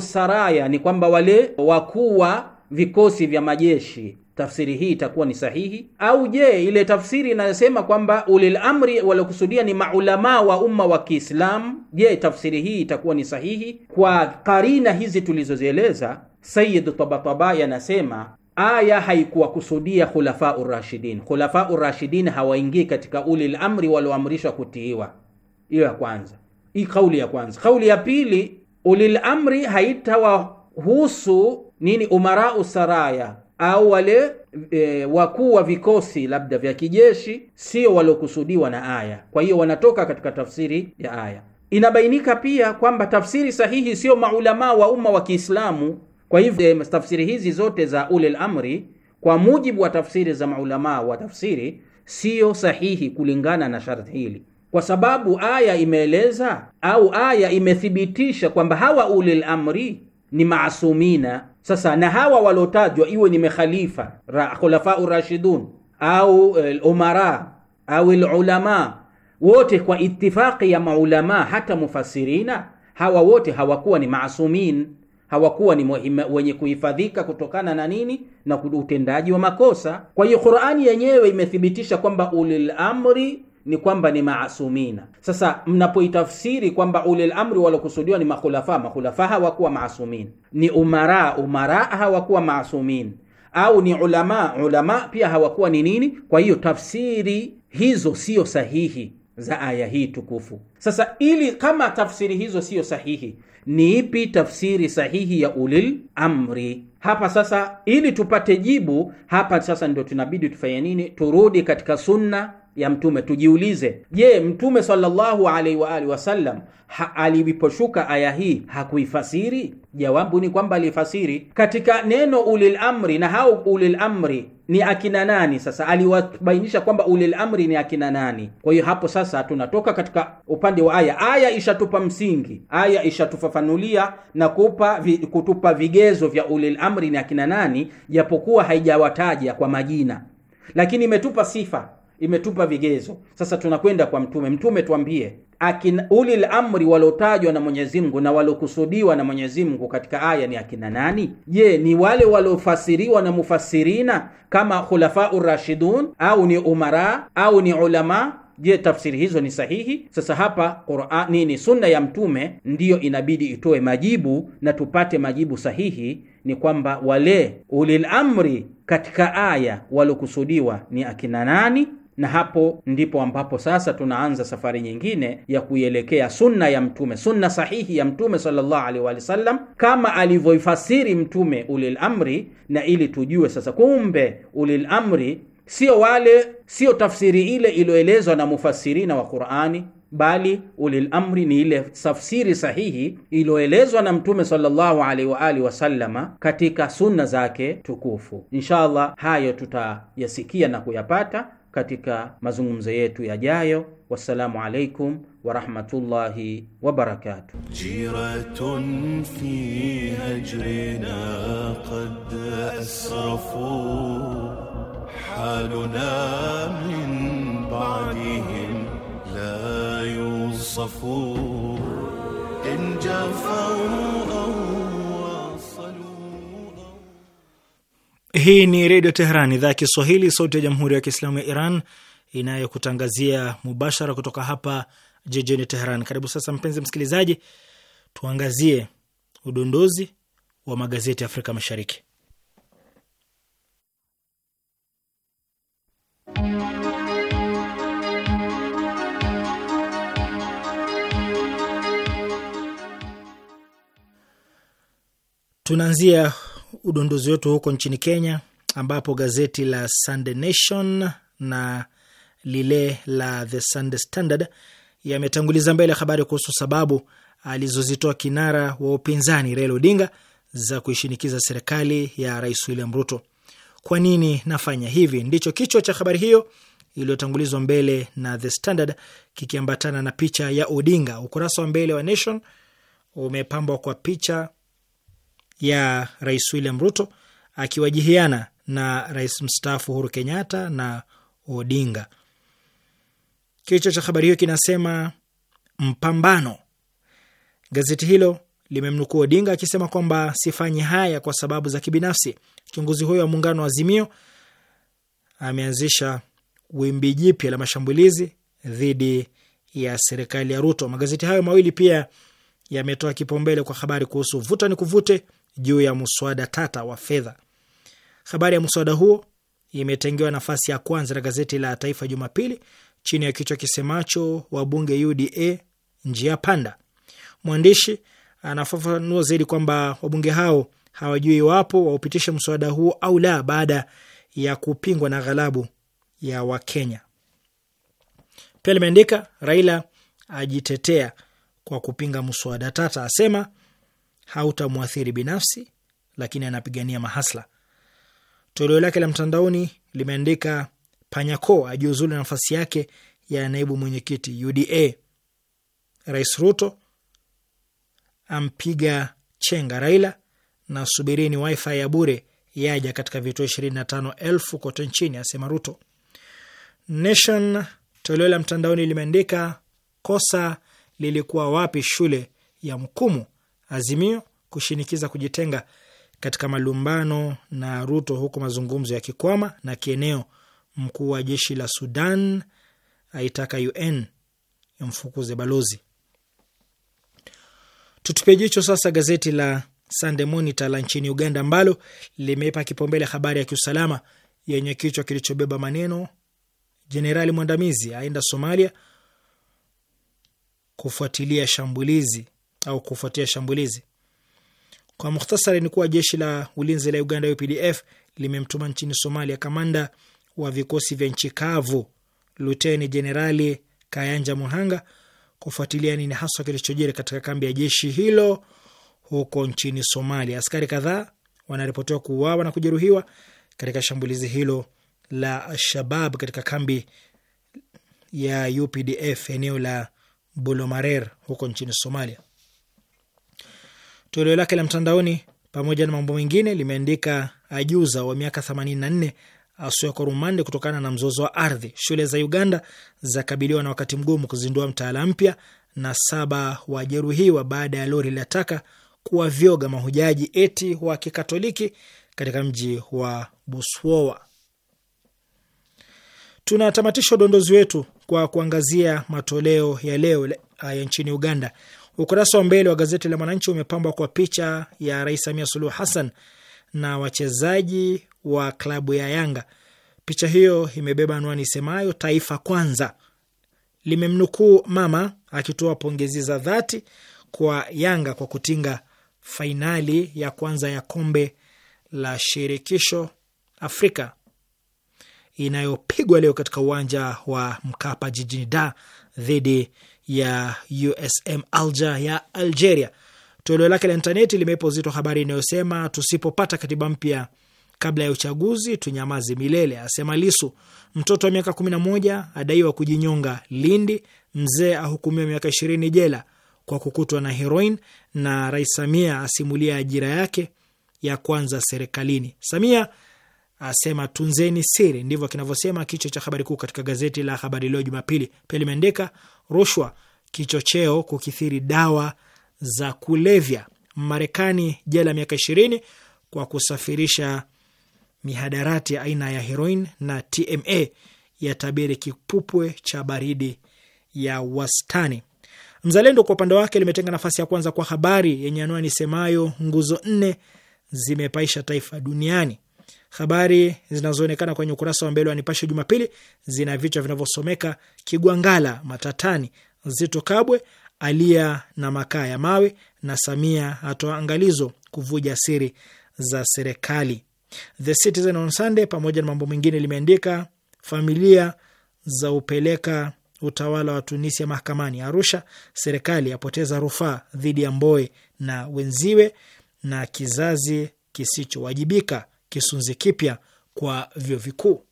saraya, ni kwamba wale wakuu wa vikosi vya majeshi tafsiri hii itakuwa ni sahihi au je, ile tafsiri inayosema kwamba ulil amri waliokusudia ni maulamaa wa umma wa Kiislamu, je, tafsiri hii itakuwa ni sahihi kwa karina hizi tulizozieleza? Sayyid Tabatabai anasema aya haikuwa kusudia khulafa urashidin. Khulafa urashidin hawaingii katika ulil amri walioamrishwa kutiiwa. Hiyo ya kwanza, hii kauli ya kwanza. Kauli ya pili, ulil amri haitawahusu nini umarau saraya au wale e, wakuu wa vikosi labda vya kijeshi sio waliokusudiwa na aya. Kwa hiyo wanatoka katika tafsiri ya aya. Inabainika pia kwamba tafsiri sahihi sio maulamaa wa umma wa Kiislamu. Kwa hivyo e, tafsiri hizi zote za ulil amri kwa mujibu wa tafsiri za maulamaa wa tafsiri siyo sahihi kulingana na sharti hili, kwa sababu aya imeeleza au aya imethibitisha kwamba hawa ulil amri ni maasumina sasa na hawa waliotajwa, iwe ni mekhalifa khulafau rashidun au eh, umara au ulama, wote kwa itifaki ya maulama, hata mufasirina, hawa wote hawakuwa ni maasumin, hawakuwa ni muhima, wenye kuhifadhika kutokana na nini? Na utendaji wa makosa. Kwa hiyo Qur'ani yenyewe imethibitisha kwamba ulil amri ni kwamba ni maasumina. Sasa mnapoitafsiri kwamba ulil amri walokusudiwa ni makhulafa, makhulafa hawakuwa maasumin, ni umara, umara hawakuwa maasumin, au ni ulama, ulama pia hawakuwa ni nini. Kwa hiyo tafsiri hizo siyo sahihi za aya hii tukufu. Sasa ili kama tafsiri hizo siyo sahihi, ni ipi tafsiri sahihi ya ulil amri? Hapa sasa, ili tupate jibu hapa sasa, ndio tunabidi tufanye nini? Turudi katika sunna ya mtume tujiulize, je, mtume sallallahu alaihi wa alihi wasallam aliposhuka aya hii hakuifasiri? Jawabu ni kwamba alifasiri katika neno ulil amri, na hao ulil amri ni akina nani? Sasa aliwabainisha kwamba ulil amri ni akina nani. Kwa hiyo hapo sasa tunatoka katika upande wa aya. Aya ishatupa msingi, aya ishatufafanulia na kupa vi, kutupa vigezo vya ulil amri ni akina nani, japokuwa haijawataja kwa majina, lakini imetupa sifa imetupa vigezo. Sasa tunakwenda kwa mtume. Mtume tuambie, akina ulil amri waliotajwa na Mwenyezi Mungu na waliokusudiwa na Mwenyezi Mungu katika aya ni akina nani? Je, ni wale waliofasiriwa na mufasirina kama khulafau rashidun au ni umara au ni ulama? Je, tafsiri hizo ni sahihi? Sasa hapa Qur'ani ni sunna ya mtume ndiyo inabidi itoe majibu na tupate majibu sahihi, ni kwamba wale ulil amri katika aya waliokusudiwa ni akina nani na hapo ndipo ambapo sasa tunaanza safari nyingine ya kuielekea sunna ya Mtume, sunna sahihi ya Mtume sallallahu alaihi wa sallam, kama alivyoifasiri Mtume ulil amri, na ili tujue sasa kumbe ulil amri sio wale, sio tafsiri ile iliyoelezwa na mufasirina wa Qur'ani bali ulil amri ni ile tafsiri sahihi iliyoelezwa na Mtume sallallahu alaihi wa wasallama katika sunna zake tukufu. Insha allah hayo tutayasikia na kuyapata katika mazungumzo yetu yajayo. Wassalamu alaikum warahmatullahi wabarakatuh. jiratun fi hajrina qad asrafu haluna min ba'dihim la yusafu in jafau Hii ni Redio Teheran, idhaa ya Kiswahili, sauti ya Jamhuri ya Kiislamu ya Iran inayokutangazia mubashara kutoka hapa jijini Teheran. Karibu sasa, mpenzi msikilizaji, tuangazie udondozi wa magazeti ya Afrika Mashariki. Tunaanzia udondozi wetu huko nchini Kenya, ambapo gazeti la Sunday Nation na lile la The Sunday Standard yametanguliza mbele habari kuhusu sababu alizozitoa kinara wa upinzani Raila Odinga za kuishinikiza serikali ya Rais William Ruto. Kwa nini nafanya hivi? Ndicho kichwa cha habari hiyo iliyotangulizwa mbele na The Standard, kikiambatana na picha ya Odinga. Ukurasa wa mbele wa Nation umepambwa kwa picha ya Rais William Ruto akiwajihiana na rais mstaafu Uhuru Kenyatta na Odinga. Kichwa cha habari hiyo kinasema mpambano. Gazeti hilo limemnukuu Odinga akisema kwamba sifanyi haya kwa sababu za kibinafsi. Kiongozi huyo wa muungano wa Azimio ameanzisha wimbi jipya la mashambulizi dhidi ya serikali ya Ruto. Magazeti hayo mawili pia yametoa kipaumbele kwa habari kuhusu vuta ni kuvute juu ya mswada tata wa fedha. Habari ya mswada huo imetengewa nafasi ya kwanza na gazeti la Taifa Jumapili chini ya kichwa kisemacho wabunge UDA njia panda. Mwandishi anafafanua zaidi kwamba wabunge hao hawajui iwapo waupitishe mswada huo au la baada ya kupingwa na ghalabu ya Wakenya. Pia limeandika Raila ajitetea kwa kupinga mswada tata, asema hautamwathiri binafsi, lakini anapigania mahasla. Toleo lake la mtandaoni limeandika Panyako ajiuzulu nafasi yake ya naibu mwenyekiti UDA. Rais Ruto ampiga chenga Raila na subirini wifi ya bure yaja katika vituo ishirini na tano elfu kote nchini, asema Ruto. Nation toleo la mtandaoni limeandika kosa lilikuwa wapi shule ya Mkumu, Azimio kushinikiza kujitenga katika malumbano na Ruto huku mazungumzo yakikwama. Na kieneo, mkuu wa jeshi la Sudan aitaka UN imfukuze balozi. Tutupe jicho sasa gazeti la Sunday Monitor la nchini Uganda ambalo limeipa kipaumbele habari ya kiusalama yenye kichwa kilichobeba maneno jenerali mwandamizi aenda Somalia kufuatilia shambulizi au kufuatia shambulizi. Kwa mukhtasari, ni kuwa jeshi la ulinzi la Uganda UPDF limemtuma nchini Somalia kamanda wa vikosi vya nchi kavu Luteni Jenerali Kayanja Muhanga kufuatilia nini haswa kilichojiri katika kambi ya jeshi hilo huko nchini Somalia. Askari kadhaa wanaripotiwa kuuawa na kujeruhiwa katika shambulizi hilo la shabab katika kambi ya UPDF eneo la Bulomarer huko nchini Somalia. Toleo lake la mtandaoni pamoja na mambo mengine limeandika ajuza wa miaka 84 aswekwa rumande kutokana na mzozo wa ardhi. Shule za Uganda zakabiliwa na wakati mgumu kuzindua mtaala mpya, na saba wajeruhiwa baada ya lori la taka kuwavyoga mahujaji eti wa Kikatoliki katika mji wa Buswowa. Tunatamatisha udondozi wetu kwa kuangazia matoleo ya leo ya nchini Uganda. Ukurasa wa mbele wa gazeti la Mwananchi umepambwa kwa picha ya Rais Samia Suluhu Hassan na wachezaji wa klabu ya Yanga. Picha hiyo imebeba anwani semayo taifa kwanza. Limemnukuu mama akitoa pongezi za dhati kwa Yanga kwa kutinga fainali ya kwanza ya kombe la shirikisho Afrika inayopigwa leo katika uwanja wa Mkapa jijini Dar dhidi ya USM Alger ya Algeria. Toleo lake la intaneti limeipa uzito habari inayosema tusipopata katiba mpya kabla ya uchaguzi tunyamazi milele, asema Lisu. Mtoto wa miaka kumi na moja adaiwa kujinyonga Lindi. Mzee ahukumiwa miaka ishirini jela kwa kukutwa na heroin. Na Rais Samia asimulia ajira yake ya kwanza serikalini. Samia asema tunzeni siri, ndivyo kinavyosema kichwa cha habari kuu katika gazeti la Habari Leo Jumapili. Pia limeandika rushwa, kichocheo kukithiri dawa za kulevya, Marekani jela miaka ishirini kwa kusafirisha mihadarati aina ya heroin, na TMA ya tabiri kipupwe cha baridi ya wastani. Mzalendo kwa upande wake limetenga nafasi ya kwanza kwa habari yenye anwani semayo nguzo nne zimepaisha taifa duniani. Habari zinazoonekana kwenye ukurasa wa mbele wa Nipashe Jumapili zina vichwa vinavyosomeka: Kigwangala matatani, Zito Kabwe alia na makaa ya mawe, na Samia atoa angalizo kuvuja siri za serikali. The Citizen on Sunday pamoja na mambo mengine limeandika familia za upeleka utawala wa Tunisia mahakamani Arusha, serikali yapoteza rufaa dhidi ya Mboe na wenziwe, na kizazi kisichowajibika kisunzi kipya kwa vyuo vikuu.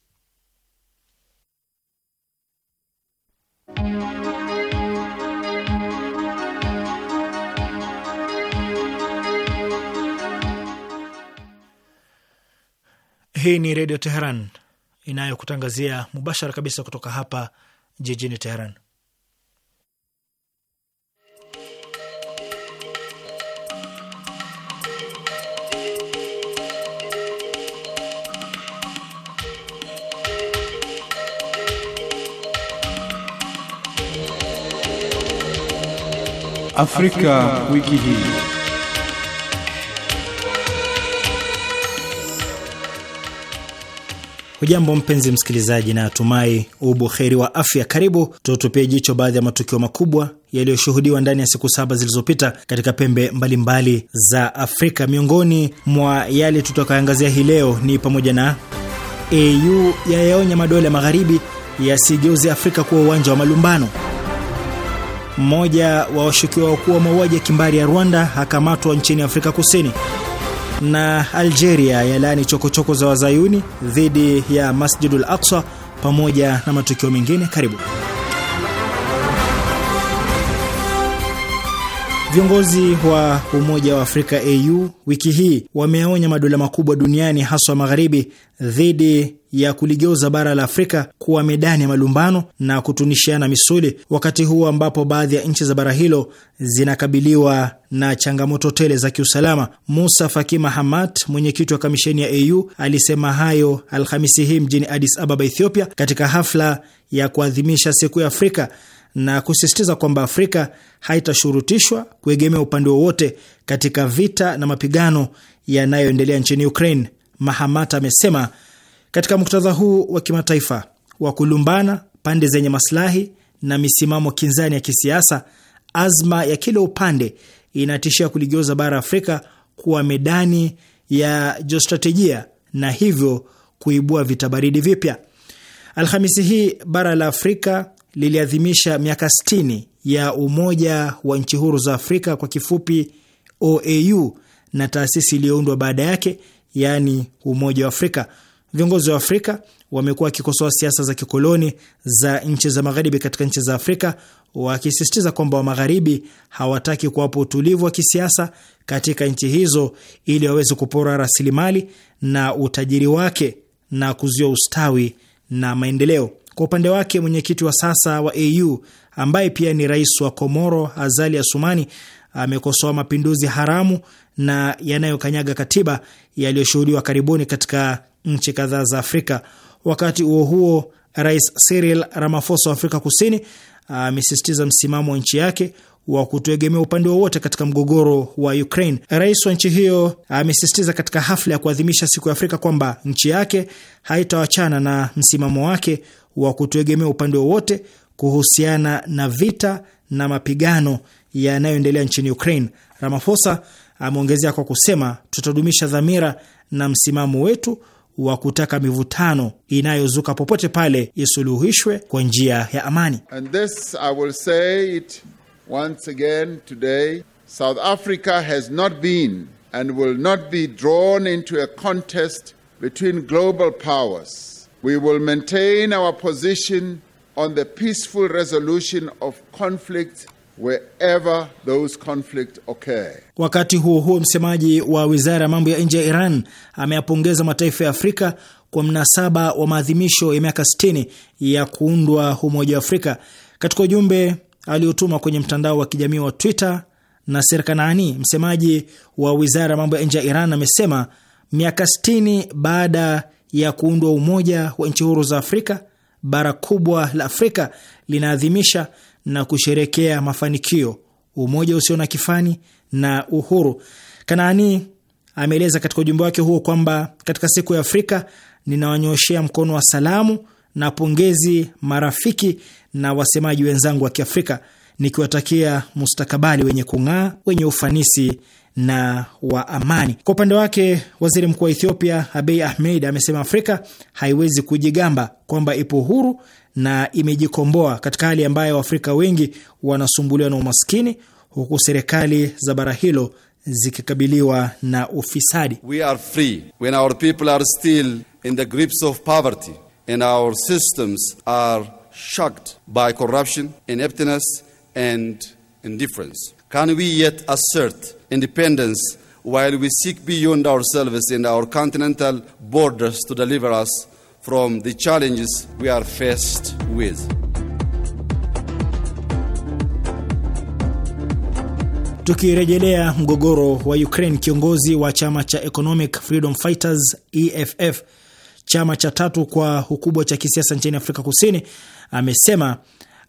Hii ni Redio Teheran inayokutangazia mubashara kabisa kutoka hapa jijini Teheran. Afrika, wiki hii. Hujambo mpenzi msikilizaji, na atumai ubuheri wa afya. Karibu tutupie jicho baadhi ya matukio makubwa yaliyoshuhudiwa ndani ya siku saba zilizopita katika pembe mbalimbali mbali za Afrika. Miongoni mwa yale tutakayoangazia hii leo ni pamoja na AU yayaonya madola magharibi yasigeuze Afrika kuwa uwanja wa malumbano mmoja wa washukiwa wakuu wa mauaji ya kimbari ya Rwanda akamatwa nchini Afrika Kusini. Na Algeria yalaani chokochoko za wazayuni dhidi ya Masjidul Aqsa, pamoja na matukio mengine. Karibu. Viongozi wa Umoja wa Afrika AU wiki hii wameonya madola makubwa duniani haswa magharibi dhidi ya kuligeuza bara la Afrika kuwa medani ya malumbano na kutunishiana misuli, wakati huo ambapo baadhi ya nchi za bara hilo zinakabiliwa na changamoto tele za kiusalama. Musa Faki Mahamat, mwenyekiti wa kamisheni ya AU, alisema hayo Alhamisi hii mjini Addis Ababa, Ethiopia, katika hafla ya kuadhimisha siku ya Afrika na kusisitiza kwamba Afrika haitashurutishwa kuegemea upande wowote katika vita na mapigano yanayoendelea nchini Ukraine. Mahamat amesema katika muktadha huu wa kimataifa wa kulumbana pande zenye maslahi na misimamo kinzani ya kisiasa, azma ya kila upande inatishia kuligeuza bara Afrika kuwa medani ya jiostratejia na hivyo kuibua vita baridi vipya. Alhamisi hii bara la Afrika liliadhimisha miaka 60 ya Umoja wa Nchi Huru za Afrika, kwa kifupi OAU, na taasisi iliyoundwa baada yake, yaani Umoja wa Afrika. Viongozi wa Afrika wamekuwa wakikosoa siasa za kikoloni za nchi za magharibi katika nchi za Afrika, wakisisitiza kwamba wa magharibi hawataki kuwapa utulivu wa kisiasa katika nchi hizo ili waweze kupora rasilimali na utajiri wake na kuzuia ustawi na maendeleo. Kwa upande wake mwenyekiti wa sasa wa AU ambaye pia ni rais wa Komoro Azali Asumani amekosoa mapinduzi haramu na yanayokanyaga katiba yaliyoshuhudiwa karibuni katika nchi kadhaa za Afrika. Wakati huo huo, Rais Cyril Ramaphosa wa Afrika Kusini amesisitiza msimamo wa nchi yake wa kutoegemea upande wowote katika mgogoro wa Ukraine. Rais wa nchi hiyo amesisitiza katika hafla ya kuadhimisha siku ya Afrika kwamba nchi yake haitawachana na msimamo wake wa kutoegemea upande wowote kuhusiana na vita na mapigano yanayoendelea nchini Ukraine. Ramaphosa ameongezea kwa kusema, tutadumisha dhamira na msimamo wetu wa kutaka mivutano inayozuka popote pale isuluhishwe kwa njia ya amani. And this I will say it once again today, South Africa has not been and will not be drawn into a contest between global powers. We will maintain our position on the peaceful resolution of conflict wherever those conflict occur. Wakati huo huo, msemaji wa Wizara ya Mambo ya Nje ya Iran ameyapongeza mataifa ya Afrika kwa mnasaba wa maadhimisho ya miaka 60 ya kuundwa Umoja wa Afrika. Katika ujumbe aliotuma kwenye mtandao wa kijamii wa Twitter, na Kanaani, msemaji wa Wizara ya Mambo ya Nje ya Iran, amesema miaka 60 baada ya kuundwa umoja wa nchi huru za Afrika, bara kubwa la Afrika linaadhimisha na kusherekea mafanikio, umoja usio na kifani na uhuru. Kanaani ameeleza katika ujumbe wake huo kwamba katika siku ya Afrika ninawanyoshea mkono wa salamu na pongezi marafiki na wasemaji wenzangu wa Kiafrika, nikiwatakia mustakabali wenye kung'aa wenye ufanisi na wa amani. Kwa upande wake, waziri mkuu wa Ethiopia Abiy Ahmed amesema Afrika haiwezi kujigamba kwamba ipo huru na imejikomboa katika hali ambayo Waafrika wengi wanasumbuliwa na umaskini huku serikali za bara hilo zikikabiliwa na ufisadi. We are free when our people are still in the grips of poverty and our systems are shocked by corruption, ineptness and indifference. Can we yet assert independence while we seek beyond ourselves and our continental borders to deliver us from the challenges we are faced with? Tukirejelea mgogoro wa Ukraine, kiongozi wa chama cha Economic Freedom Fighters EFF, chama cha tatu kwa ukubwa cha kisiasa nchini Afrika Kusini, amesema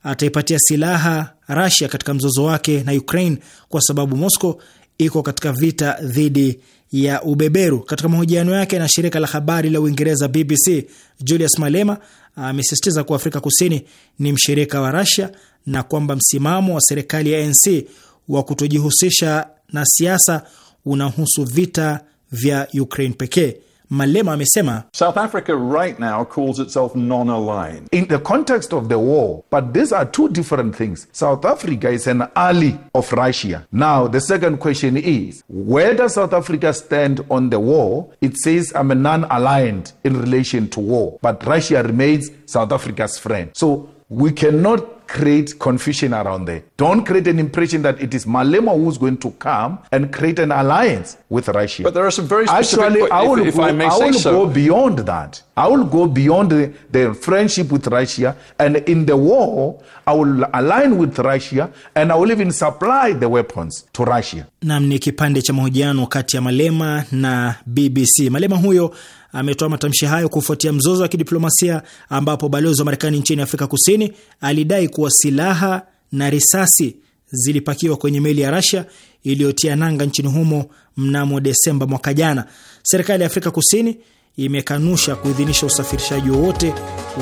ataipatia silaha Rasia katika mzozo wake na Ukraine kwa sababu Moscow iko katika vita dhidi ya ubeberu. Katika mahojiano yake na shirika la habari la Uingereza BBC, Julius Malema amesisitiza kuwa Afrika Kusini ni mshirika wa Rasia na kwamba msimamo wa serikali ya ANC wa kutojihusisha na siasa unahusu vita vya Ukraine pekee. Malema amesema South Africa right now calls itself non-aligned in the context of the war but these are two different things South Africa is an ally of Russia now the second question is where does South Africa stand on the war it says I'm a non-aligned in relation to war but Russia remains South Africa's friend so we cannot create confusion around there. Don't create an impression that it is Malema who's going to come and create an alliance with Russia. But there are some very specific Actually, po- I will, if, go, if I I will say go beyond that. I will go beyond the, the friendship with Russia. And in the war, I will align with Russia and I will even supply the weapons to Russia. Nam ni kipande cha mahojiano kati ya Malema na BBC. Malema huyo ametoa matamshi hayo kufuatia mzozo wa kidiplomasia ambapo balozi wa Marekani nchini Afrika Kusini alidai kuwa silaha na risasi zilipakiwa kwenye meli ya Rasia iliyotia nanga nchini humo mnamo Desemba mwaka jana. Serikali ya Afrika Kusini imekanusha kuidhinisha usafirishaji wowote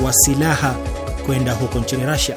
wa silaha kwenda huko nchini rasia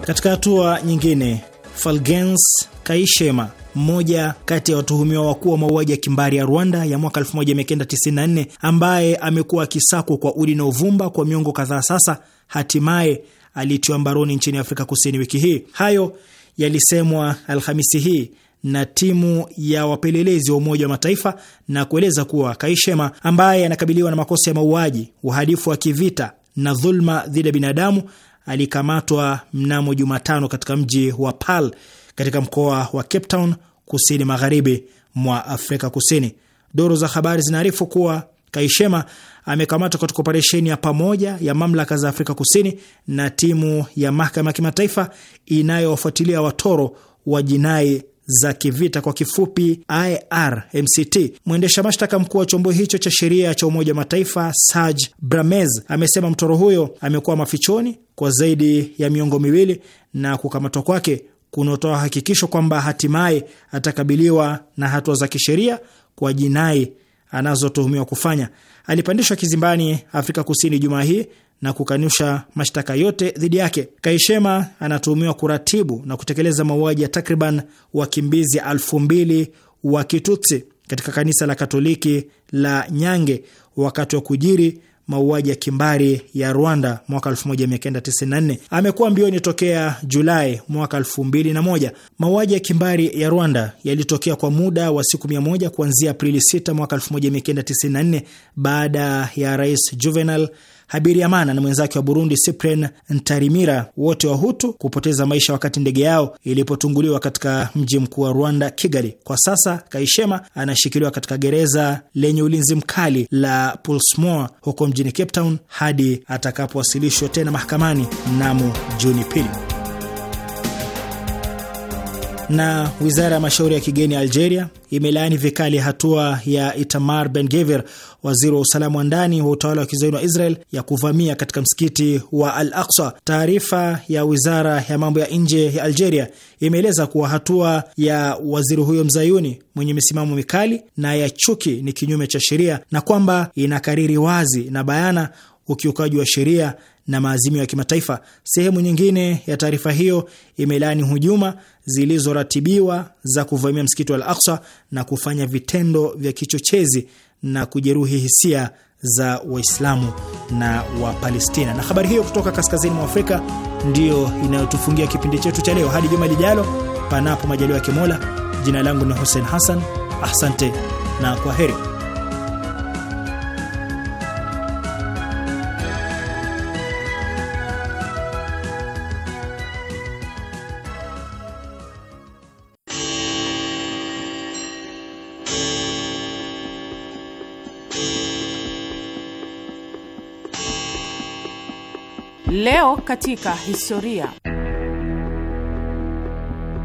Katika hatua nyingine, Falgens Kaishema, mmoja kati ya watuhumiwa wakuu wa mauaji ya kimbari ya Rwanda ya mwaka 1994 ambaye amekuwa akisakwa kwa udi na uvumba kwa miongo kadhaa sasa, hatimaye alitiwa mbaroni nchini Afrika Kusini wiki hii. Hayo yalisemwa Alhamisi hii na timu ya wapelelezi wa Umoja wa Mataifa na kueleza kuwa Kaishema ambaye anakabiliwa na makosa ya mauaji, uhalifu wa kivita na dhulma dhidi ya binadamu alikamatwa mnamo Jumatano katika mji wa Pal katika mkoa wa Cape Town, kusini magharibi mwa Afrika Kusini. Duru za habari zinaarifu kuwa Kaishema amekamatwa katika operesheni ya pamoja ya mamlaka za Afrika Kusini na timu ya mahakama ya kimataifa inayowafuatilia watoro wa jinai za kivita kwa kifupi IRMCT. Mwendesha mashtaka mkuu wa chombo hicho cha sheria cha Umoja wa Mataifa Serge Bramez amesema mtoro huyo amekuwa mafichoni kwa zaidi ya miongo miwili na kukamatwa kwake kunotoa hakikisho kwamba hatimaye atakabiliwa na hatua za kisheria kwa jinai anazotuhumiwa kufanya. Alipandishwa kizimbani Afrika Kusini Jumaa hii na kukanusha mashtaka yote dhidi yake. Kaishema anatuhumiwa kuratibu na kutekeleza mauaji ya takriban wakimbizi elfu mbili wa Kitutsi katika kanisa la Katoliki la Nyange wakati wa kujiri mauaji ya kimbari ya Rwanda mwaka 1994. Amekuwa mbioni tokea Julai mwaka 2001. Mauaji ya kimbari ya Rwanda yalitokea kwa muda wa siku 100 kuanzia Aprili 6 mwaka 1994 baada ya Rais Juvenal Habyarimana na mwenzake wa Burundi Cyprien Ntarimira, wote wa hutu kupoteza maisha wakati ndege yao ilipotunguliwa katika mji mkuu wa Rwanda, Kigali. Kwa sasa Kaishema anashikiliwa katika gereza lenye ulinzi mkali la Pulsmoor huko mjini Cape Town hadi atakapowasilishwa tena mahakamani mnamo Juni pili. Na wizara ya mashauri ya kigeni ya Algeria imelaani vikali hatua ya Itamar Ben Gvir, waziri wa usalama wa ndani wa utawala wa kizayuni wa Israel, ya kuvamia katika msikiti wa Al Aksa. Taarifa ya wizara ya mambo ya nje ya Algeria imeeleza kuwa hatua ya waziri huyo mzayuni mwenye misimamo mikali na ya chuki ni kinyume cha sheria na kwamba inakariri wazi na bayana ukiukaji wa sheria na maazimio ya kimataifa. Sehemu nyingine ya taarifa hiyo imelaani hujuma zilizoratibiwa za kuvamia msikiti wa al na kufanya vitendo vya kichochezi na kujeruhi hisia za Waislamu na Wapalestina. Na habari hiyo kutoka kaskazini mwa Afrika ndiyo inayotufungia kipindi chetu cha leo. Hadi juma lijalo, panapo majaliwa ya Kimola. Jina langu ni Hussein Hassan, asante na kwa heri. Leo katika historia.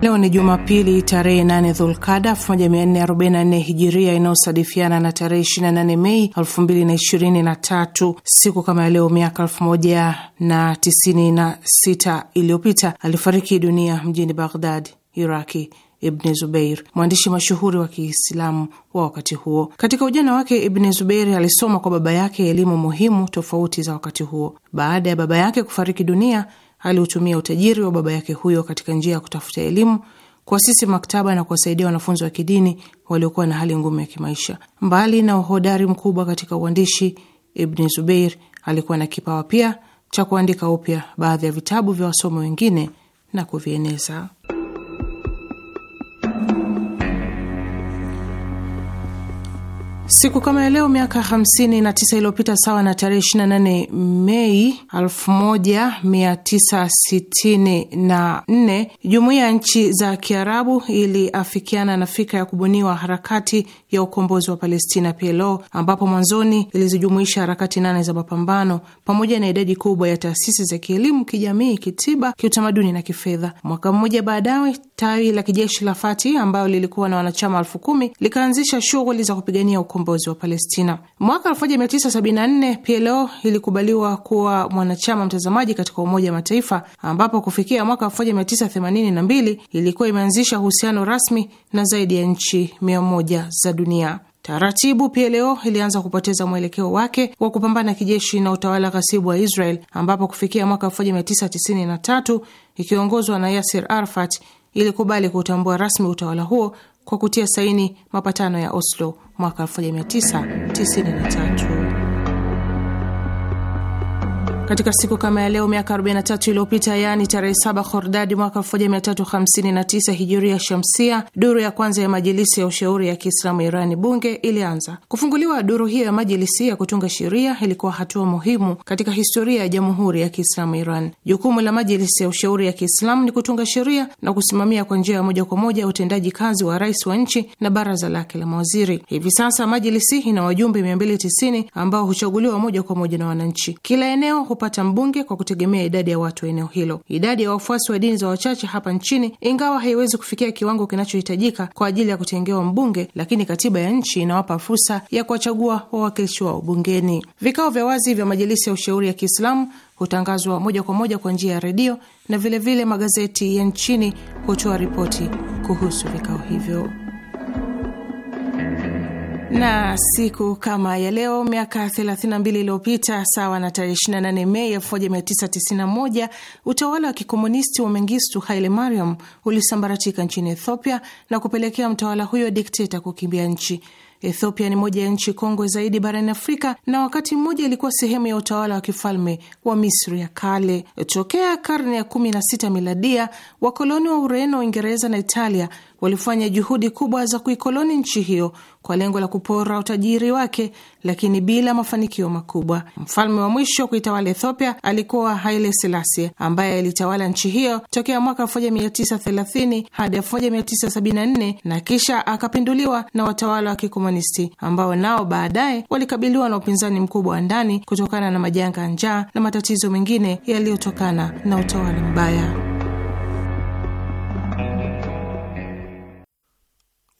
Leo ni Jumapili tarehe 8 Dhulkada 1444 Hijiria, inayosadifiana na tarehe 28 Mei 2023. Siku kama leo miaka 1096 iliyopita alifariki dunia mjini Baghdad, Iraki, Ibn Zubeir, mwandishi mashuhuri wa Kiislamu wa wakati huo. Katika ujana wake, ibn Zubeir alisoma kwa baba yake elimu muhimu tofauti za wakati huo. Baada ya baba yake kufariki dunia, aliutumia utajiri wa baba yake huyo katika njia ya kutafuta elimu, kuasisi maktaba na kuwasaidia wanafunzi wa kidini waliokuwa na hali ngumu ya kimaisha. Mbali na uhodari mkubwa katika uandishi, ibn Zubeir alikuwa na kipawa pia cha kuandika upya baadhi ya vitabu vya wasomi wengine na kuvieneza. Siku kama leo miaka 59 iliyopita, sawa na tarehe 28 Mei 1964, jumuiya ya nchi za Kiarabu iliafikiana na fikra ya kubuniwa harakati ya ukombozi wa Palestina, PLO, ambapo mwanzoni ilizijumuisha harakati nane za mapambano pamoja na idadi kubwa ya taasisi za kielimu, kijamii, kitiba, kiutamaduni na kifedha. Mwaka mmoja baadaye, tawi la kijeshi la Fati ambayo lilikuwa na wanachama elfu kumi likaanzisha shughuli za kupigania ukombozi ukombozi wa Palestina. Mwaka 1974 PLO ilikubaliwa kuwa mwanachama mtazamaji katika Umoja wa Mataifa, ambapo kufikia mwaka 1982 ilikuwa imeanzisha uhusiano rasmi na zaidi ya nchi 100 za dunia. Taratibu PLO ilianza kupoteza mwelekeo wake wa kupambana kijeshi na utawala ghasibu wa Israel, ambapo kufikia mwaka 1993 ikiongozwa na Yasir Arafat ilikubali kutambua rasmi utawala huo kwa kutia saini mapatano ya Oslo mwaka 1993. Katika siku kama ya leo miaka 43 iliyopita, yaani tarehe 7 Khordadi mwaka 1359 hijiria shamsia, duru ya kwanza ya majilisi ya ushauri ya Kiislamu Irani bunge ilianza kufunguliwa. Duru hiyo ya majilisi ya kutunga sheria ilikuwa hatua muhimu katika historia ya jamhuri ya Kiislamu Iran. Jukumu la majilisi ya ushauri ya Kiislamu ni kutunga sheria na kusimamia kwa njia ya moja kwa moja utendaji kazi wa rais wa nchi na baraza lake la mawaziri. Hivi sasa majilisi ina wajumbe 290 ambao huchaguliwa moja kwa moja na wananchi. Kila eneo hupata mbunge kwa kutegemea idadi ya watu wa eneo hilo. Idadi ya wafuasi wa dini za wachache hapa nchini, ingawa haiwezi kufikia kiwango kinachohitajika kwa ajili ya kutengewa mbunge, lakini katiba ya nchi inawapa fursa ya kuwachagua wawakilishi wao bungeni. Vikao vya wazi vya majilisi ya ushauri ya Kiislamu hutangazwa moja kwa moja kwa njia ya redio na vilevile vile magazeti ya nchini hutoa ripoti kuhusu vikao hivyo na siku kama ya leo miaka 32 iliyopita sawa na tarehe 28 Mei 1991 utawala wa kikomunisti wa Mengistu Haile Mariam ulisambaratika nchini Ethiopia na kupelekea mtawala huyo dikteta kukimbia nchi. Ethiopia ni moja ya nchi kongwe zaidi barani Afrika na wakati mmoja ilikuwa sehemu ya utawala wa kifalme wa Misri ya kale. Tokea karne ya 16 miladia, wakoloni wa Ureno, Uingereza na Italia walifanya juhudi kubwa za kuikoloni nchi hiyo kwa lengo la kupora utajiri wake, lakini bila mafanikio makubwa. Mfalme wa mwisho kuitawala Ethiopia alikuwa Haile Selassie ambaye alitawala nchi hiyo tokea mwaka 1930 hadi 1974 na kisha akapinduliwa na watawala wa kikomunisti ambao nao baadaye walikabiliwa na upinzani mkubwa wa ndani kutokana na majanga ya njaa na matatizo mengine yaliyotokana na utawala mbaya.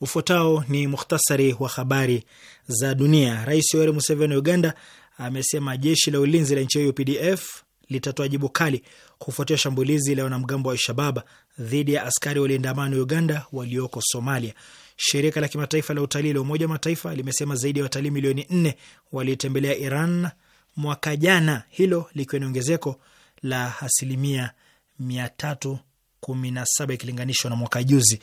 Ufuatao ni muhtasari wa habari za dunia. Rais Yoweri Museveni wa Uganda amesema jeshi la ulinzi la nchi hiyo UPDF litatoa jibu kali kufuatia shambulizi la wanamgambo wa Alshabab dhidi ya askari walinda amani wa Uganda walioko Somalia. Shirika la kimataifa la utalii la Umoja wa Mataifa limesema zaidi ya watalii milioni nne walitembelea Iran mwaka jana, hilo likiwa ni ongezeko la asilimia mia tatu 17 ikilinganishwa na mwaka juzi.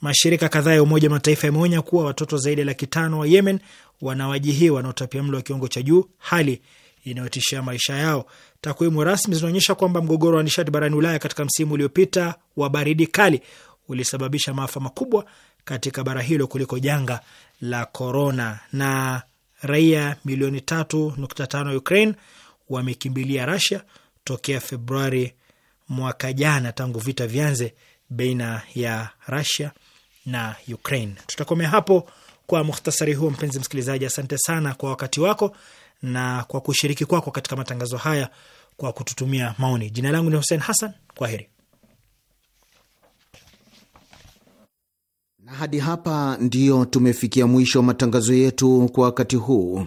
Mashirika kadhaa ya Umoja wa Mataifa yameonya kuwa watoto zaidi ya laki tano wa Yemen wanawajihiwa na utapia mlo wa kiwango cha juu, hali inayotishia maisha yao. Takwimu rasmi zinaonyesha kwamba mgogoro wa nishati barani Ulaya katika msimu uliopita wa baridi kali ulisababisha maafa makubwa katika bara hilo kuliko janga la korona, na raia milioni tatu nukta tano wa Ukraine wamekimbilia Rasia tokea Februari mwaka jana tangu vita vyanze baina ya Russia na Ukraine. Tutakomea hapo kwa muhtasari huo. Mpenzi msikilizaji, asante sana kwa wakati wako na kwa kushiriki kwako kwa katika matangazo haya kwa kututumia maoni. Jina langu ni Hussein Hassan, kwa heri. Na hadi hapa ndiyo tumefikia mwisho wa matangazo yetu kwa wakati huu.